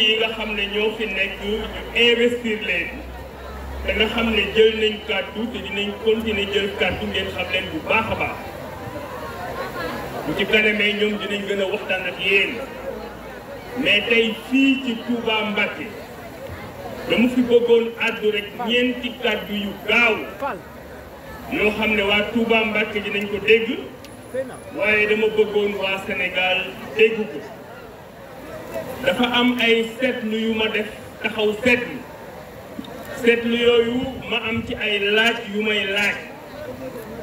yi nga xam ne ñoo fi nekk ñu investir leen da nga xam ne jël nañ kàddu te dinañ continuer jël kàddu ngeen xam leen bu baax a baax bu ci kanamee ñoom dinañ gën a waxtaan ak yéen mais tey fii ci Touba Mbacké dama fi bëggoon àddu rek ñeenti kàddu yu gaaw yoo xam ne waa Touba Mbacké dinañ ko dégg waaye dama bëggoon waa Sénégal dégg ko dafa am ay seetlu yu ma def taxaw seetlu seetlu yooyu ma am ci ay laaj yu may laaj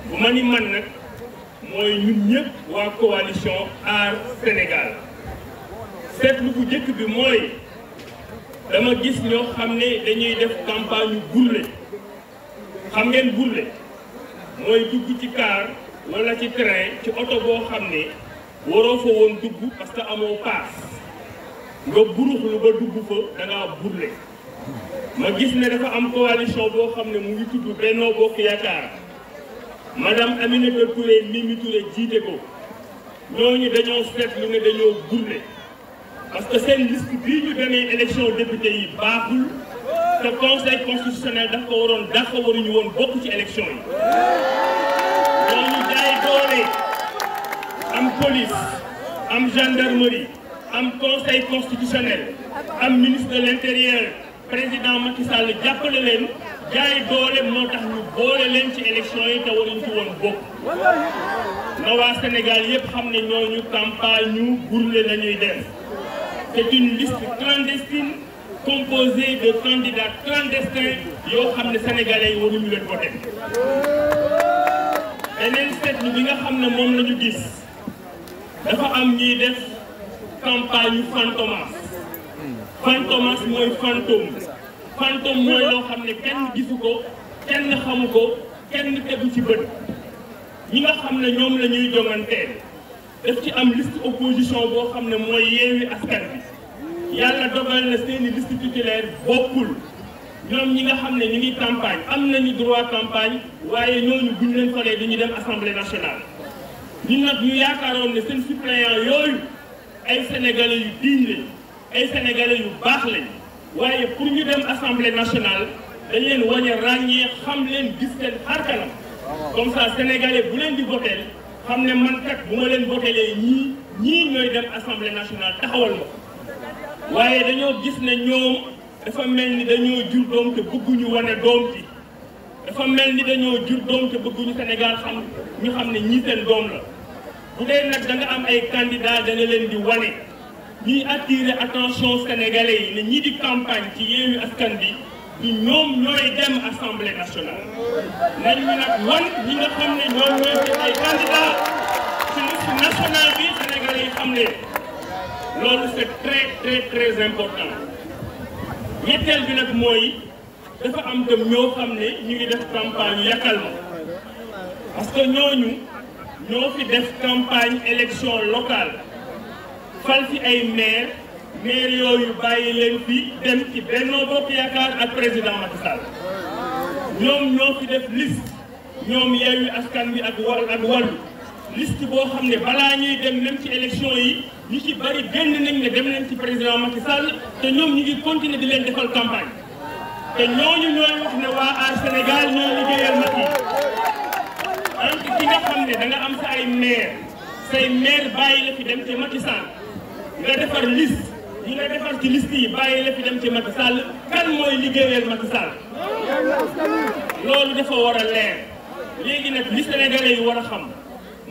bu ma ni man nag mooy ñun ñëpp waa coalition Aar Sénégal seetlu bu jëkk bi mooy dama gis ñoo xam ne dañuy def campagne yu burle xam ngeen burle mooy dugg ci car wala ci train ci oto boo xam ne waroo fa woon dugg parce que amoo paas nga buruxlu ba dugg fa da burle ma gis ne dafa am coalition boo xam ne mu ngi tudd Benno Bokk Yaakaar madame Aminata Touré Mimi jiite ko ñooñu dañoo seetlu ne dañoo burle parce que seen liste bii ñu demee élection député yi baaxul te conseil constitutionnel dafa ko waroon dafa waruñu woon bokk ci élection yi ñooñu jaay doole am police am gendarmerie am conseil constitutionnel am ministre de l'intérieur président Macky Sall jàppale leen jaay doole moo tax ñu boole leen ci élection yi te waruñ ci woon bokk na waa Sénégal yépp xam ne ñooñu campagne ñu burle la ñuy def c'est une liste clandestine composée de candidats clandestins yoo xam ne sénégalais yi waruñu leen voté bi nga xam ne moom la ñu gis dafa campagne fantomas fantomas mooy fantôme fantôme mooy loo xam ne kenn gisu ko kenn xamu ko kenn tegu ci bët ñi nga xam ne ñoom la ñuy jonganteel daf ci am liste opposition boo xam ne mooy yeewi askan bi yàlla dogal na seeni liste titulaire bokkul ñoom ñi nga xam ne ñu ngi campagne am nañu droit campagne waaye ñooñu buñ leen falee dañuy dem assemblée nationale ñun nag ñu yaakaaroon ne seen suppléant yooyu ay sénégalais yu digne lañ ay sénégalais yu baax lañ waaye pour ñu dem assemblée national dañ leen war ràññee xam leen gis leen xar kanam comme ça sénégalais bu leen di voteel xam ne man kat bu ma leen votelee ñii ñii ñooy dem assemblée nationale taxawal ma waaye dañoo gis ne ñoom dafa mel ni dañoo jur doom te bëgguñu wane doom ci dafa mel ni dañoo jur doom te bëgguñu Sénégal xam ñu xam ne ñii seen doom la. bu dee nag da am ay candidat da nga leen di wane ñuy attirer attention sénégalais yi ne ñi di campagne ci Yewwi Askan candidat ci liste nationale bi sénégalais yi xam leen loolu c'est très très très important ñetteel bi nag mooy dafa am tam ñoo xam ne ñu def campagne yàkkal ma parce ñooñu ñoo fi def campagne élection locale fal fi ay maire maire yooyu bàyyi leen fi dem ci Benno Bokk Yaakaar ak président Macky Sall ñoom ñoo fi def liste ñoom Yewwi Askan Wi ak wal ak Wallu liste boo xam ne balaa ñuy dem même ci élection yi ñu ci bari génn nañ ne dem nañ ci président Macky Sall te ñoom ñu ngi continuer di leen defal campagne te ñooñu ñooy wax ne waa Aar Sénégal ñoo liggéeyal Macky ki nga xam ne da nga am sa ay maire say maire bàyyi la fi dem ci Macky Sall nga defar liste ñi nga defar ci liste yi bàyyi la fi dem ci Macky Sall kan mooy liggéeyal Macky Sall loolu dafa war a leer léegi nag li Sénégalais yi war a xam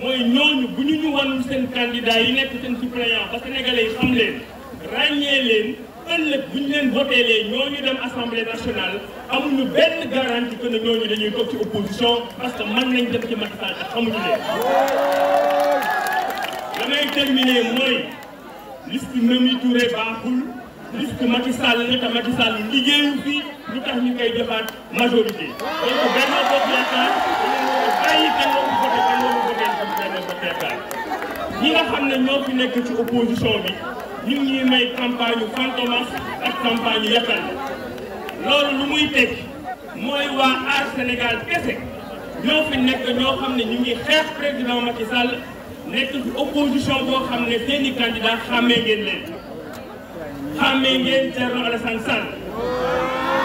mooy ñooñu bu ñu ñu wanul seen candidat yi nekk seen suppléant ba Sénégalais yi xam leen ràññee leen ëllëg bu ñu leen votélee ñooñu dem assemblée nationale amuñu benn garantie que ne ñooñu dañuy ci opposition parce que mën nañ dem ci Macky Sall te xamuñu leen. damay terminer mooy liste Mimi Touré baaxul liste Macky Sall la te Macky Sall liggéeyu fi lu tax ñu koy defaat majorité. donc benn bopp yaakaar bàyyi kan la ko voté ñi nga xam ne ñoo fi nekk ci opposition bi. ñun ñuy may campagne yu Fantomas ak campagne yu Yatal loolu lu muy teg mooy waa aar Sénégal kese ñoo fi nekk ñoo xam ne ñu ngi xeex président Macky Sall nekk ci opposition boo xam ne seen i candidat xàmmee ngeen leen xàmmee ngeen Thierno Alassane Sall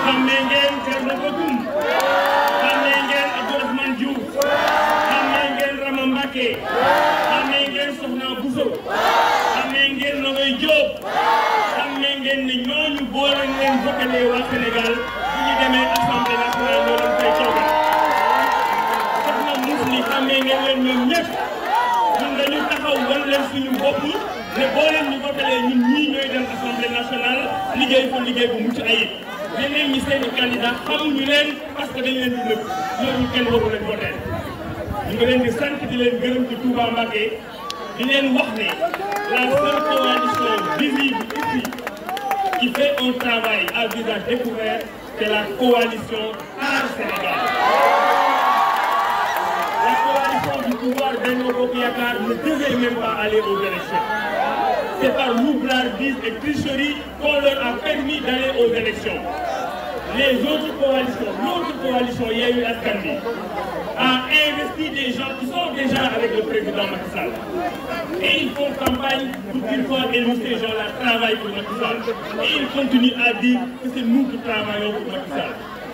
xàmmee ngeen Thierno Bocoum xàmmee ngeen Abdourahmane Diouf xàmmee ngeen Rama jàppalee waa Sénégal bu ñu demee assemblée nationale ñoo leen fay toogal soxna mus ni xàmmee ngeen leen ñoom ñëpp ñun dañu taxaw wan leen suñu bopp ne boo leen ñu votalee ñun ñii ñooy dem assemblée nationale liggéey ko liggéey bu mucc ayib yeneen ñi seen i candidat xamuñu leen parce dañu leen di nëb ñu leen di sant di leen gërëm ci Touba Mbacké di leen wax ne la seule coalition visible ici qui fait un travail à visage découvert, la coalition Aar Sénégal. La coalition du pouvoir Benno Bokk Yaakaar ne devait même pas aller aux élections. C'est par roublardise et tricherie qu'on leur a permis d'aller aux élections. l'autre coalition Yewwi Askan Wi gens qui sont déjà avec le président Macky Et ils font campagne pour qu'ils fois et nous, ces gens-là, travaillent pour Macky Et ils continuent à dire que c'est nous qui travaillons pour Macky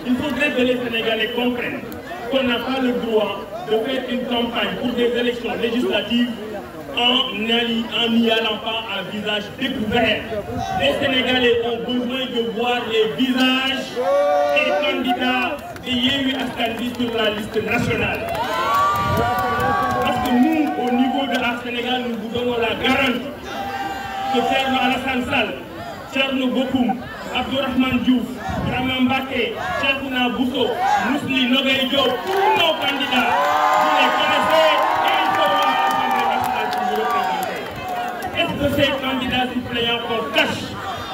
Il faudrait que les Sénégalais comprennent qu'on n'a pas le droit de faire une campagne pour des élections législatives en n'y allant pas à visage découvert. Les Sénégalais ont besoin de voir les visages des candidats de Yéhu Askandi sur la liste nationale. Parce que nous, au niveau de la Sénégal, nous vous donnons la garantie que Thierno Alassane Sall, Thierno Bokoum, Abdourahmane Diouf, Ramam Baké, Cheikhouna Bousso, Mousli Nogueï Diop, tous nos candidats, vous les connaissez et ils seront à l'Assemblée nationale pour vous cache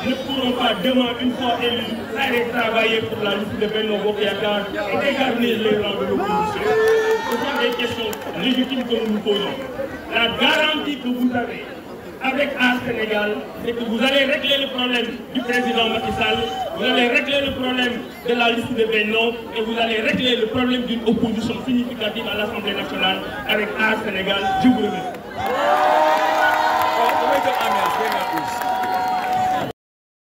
ne pourront pas demain, une fois élus, aller travailler pour la lutte de Benno Bokyakar et dégarnir les rangs de l'opposition. Ce sont questions légitimes que nous nous La garantie que vous avez avec Aar Sénégal, c'est que vous allez régler le problème du président Macky vous allez régler le problème de la liste de Benno et vous allez régler le problème d'une opposition significative à l'Assemblée nationale